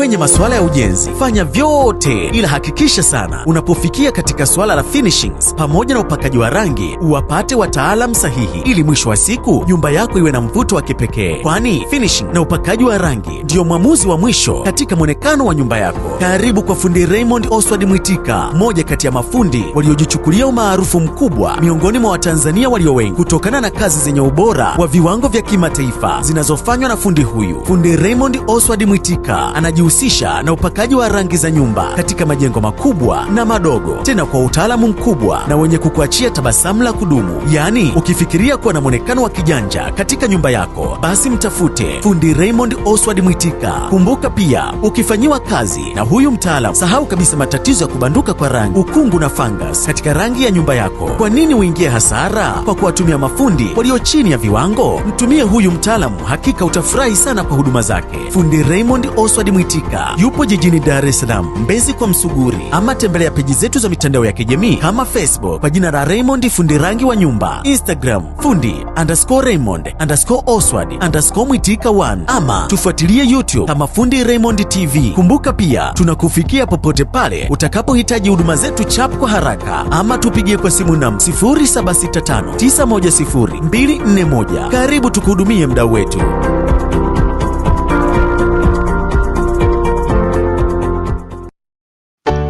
kwenye masuala ya ujenzi, fanya vyote, ila hakikisha sana unapofikia katika suala la finishings pamoja na upakaji wa rangi uwapate wataalamu sahihi, ili mwisho wa siku nyumba yako iwe na mvuto wa kipekee, kwani finishing na upakaji wa rangi ndiyo mwamuzi wa mwisho katika mwonekano wa nyumba yako. Karibu kwa fundi Raymond Oswald Mwitika, mmoja kati ya mafundi waliojichukulia umaarufu mkubwa miongoni mwa Watanzania walio wengi kutokana na kazi zenye ubora wa viwango vya kimataifa zinazofanywa na fundi huyu. Fundi Raymond Oswald Mwitika anaji linajihusisha na upakaji wa rangi za nyumba katika majengo makubwa na madogo, tena kwa utaalamu mkubwa na wenye kukuachia tabasamu la kudumu. Yaani, ukifikiria kuwa na mwonekano wa kijanja katika nyumba yako, basi mtafute fundi Raymond Oswald Mwitika. Kumbuka pia, ukifanyiwa kazi na huyu mtaalamu, sahau kabisa matatizo ya kubanduka kwa rangi, ukungu na fungus katika rangi ya nyumba yako. Kwa nini uingie hasara kwa kuwatumia mafundi walio chini ya viwango? Mtumie huyu mtaalamu, hakika utafurahi sana kwa huduma zake. Fundi Raymond Oswald Mwitika kubahatika. Yupo jijini Dar es Salaam, Mbezi kwa Msuguri, ama tembelea peji zetu za mitandao ya kijamii kama Facebook kwa jina la Raymond fundi rangi wa nyumba, Instagram fundi underscore Raymond underscore Oswald underscore mwitika 1 ama tufuatilie YouTube kama fundi Raymond TV. Kumbuka pia tunakufikia popote pale utakapohitaji huduma zetu chap kwa haraka, ama tupigie kwa simu namba 0765910241. Karibu tukuhudumie mdau wetu.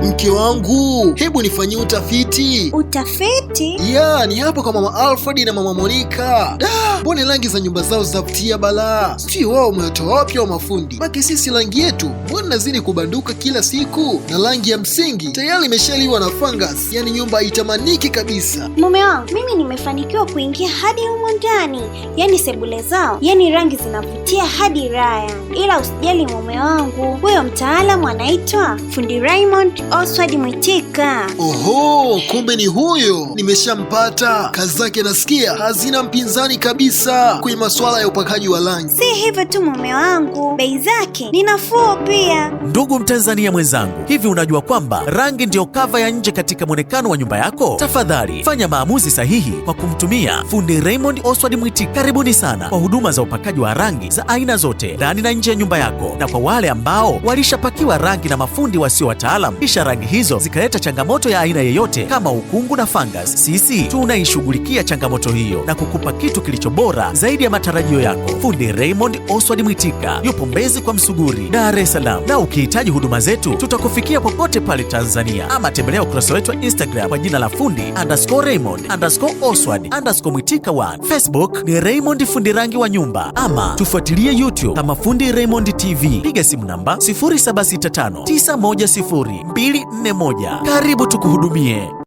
Mke wangu, hebu nifanyie utafiti. Utafiti? Yeah, ni hapo kwa Mama Alfred na Mama Monica. Da! Mbona rangi za nyumba zao zavutia balaa? Sijui wao wamewatoa wapi wa mafundi, make sisi rangi yetu mbona nazidi kubanduka kila siku, na rangi ya msingi tayari imeshaliwa na fungus, yani nyumba haitamaniki kabisa. Mume wangu, mimi nimefanikiwa kuingia hadi humo ndani, yani sebule zao, yani rangi zinavutia hadi raya. Ila usijali mume wangu, huyo mtaalamu anaitwa fundi Raymond Oswald Mwitika. Oho, kumbe ni huyo, nimeshampata. Kazi zake nasikia hazina mpinzani kabisa kabisa kwenye masuala ya upakaji wa rangi. Si hivyo tu mume wangu, bei zake ni nafuu pia. Ndugu Mtanzania mwenzangu, hivi unajua kwamba rangi ndiyo kava ya nje katika mwonekano wa nyumba yako? Tafadhali fanya maamuzi sahihi kwa kumtumia fundi Raymond Oswald Mwiti. Karibuni sana kwa huduma za upakaji wa rangi za aina zote ndani na nje ya nyumba yako, na kwa wale ambao walishapakiwa rangi na mafundi wasio wataalamu kisha rangi hizo zikaleta changamoto ya aina yeyote kama ukungu na fungus, sisi tunaishughulikia changamoto hiyo na kukupa kitu kilicho bora zaidi ya matarajio yako. Fundi Raymond Oswald Mwitika yupo Mbezi kwa Msuguri, Dar es Salaam, na ukihitaji huduma zetu tutakufikia popote pale Tanzania, ama tembelea ukurasa wetu wa Instagram kwa jina la fundi underscore Raymond underscore Oswald underscore Mwitika wa Facebook ni Raymond fundi rangi wa nyumba, ama tufuatilie YouTube kama Fundi Raymond TV. Piga simu namba 0765910241. Karibu tukuhudumie.